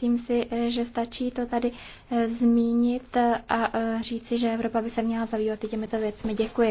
Myslím si, eh, že stačí to tady eh, zmínit eh, a říci, že Evropa by se měla zabývat těmito věcmi. Děkuji.